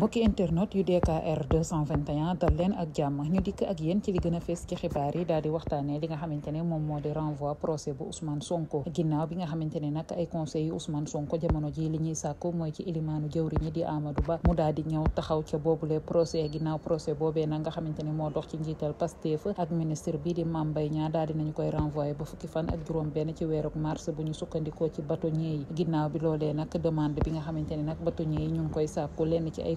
mbokki internet yu DKR 221 dal leen ak jàmm ñu dikk ak yéen ci li gën a fees ci xibaar yi daal di waxtaanee li nga xamante ne moom moo di renvoi procès bu Ousmane Sonko ginnaaw bi nga xamante ne nag ay conseil yu Ousmane jamono ji li ñuy sàkku mooy ci ilimaanu jëwriñi di Amadou Ba mu daal di ñëw taxaw ca boobu boobule procès ginnaaw procès boobee nag nga xamante ne moo dox ci njiital Pastef ak ministre bi di Mame Mbaye Niang daal di nañu koy renvoyé ba fukki fan ak juróom benn ci weeruk mars bu ñu sukkandikoo ci bâtonnier yi ginnaaw bi loolee nag demande bi nga xamante ne nag bâtonnier yi ñu ngi koy sàkku lenn ci ay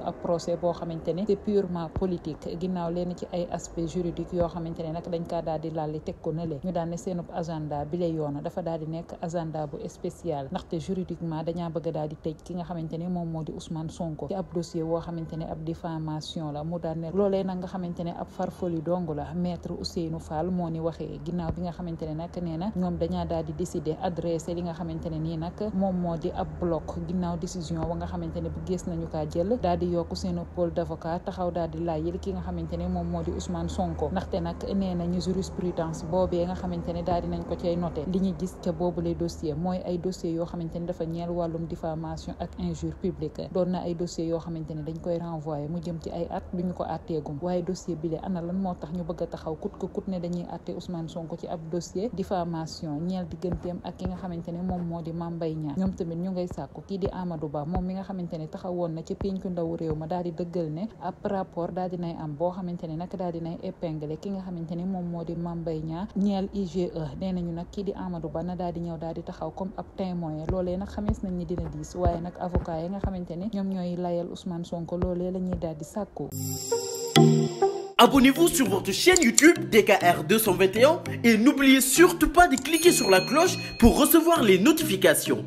nekkul ak procès boo xamante ne c'est purement politique ginnaaw leen ci ay aspect juridique yoo xamante ne nag dañ kaa daal di laalli teg ko nële ñu daan ne seenub agenda bi lay yoona dafa daal di nekk agenda bu spécial ndaxte juridiquement dañaa bëgg daal di tëj ki nga xamante ne moom moo di Ousmane Sonko ci ab woo xamante ne ab diffamation la mu daan ne loolee nag nga xamante ne ab farfoli dong la maître Ousseynou Fall moo ni waxee ginnaaw bi nga xamante ne nag nee na ñoom dañaa daal di décider adressé li nga xamante ne nii nag moom moo di ab bloc ginnaaw décision wa nga xamante ne gis nañu kaa jël yokk seenu pôle d'avocat taxaw daal di laayil ki li a taxaw ki nga xamante moom moo di Mame Mbaye ñoom tamit ñu ngay sàkku kii di Amadou Ba moom mi nga xamante ne taxawoon na ci pénku ndaw réew ma daal di dëggal ne ab rapport daal dinay am boo xamante ne nag daal dinay épinglé ki nga xamante moom moo di Mame Mbaye IGE nee nañu nag kii di Amadou Ba na daal di ñëw daal di taxaw comme ab témoin loolee nag xamees nañ ni dina diis waaye nag avocat yi nga xamante ni ñoom ñooy layal Ousmane Sonko loolee la ñuy daal di sàkku Abonnez-vous sur votre chaîne YouTube DKR et n'oubliez surtout pas de cliquer sur la cloche pour recevoir les notifications.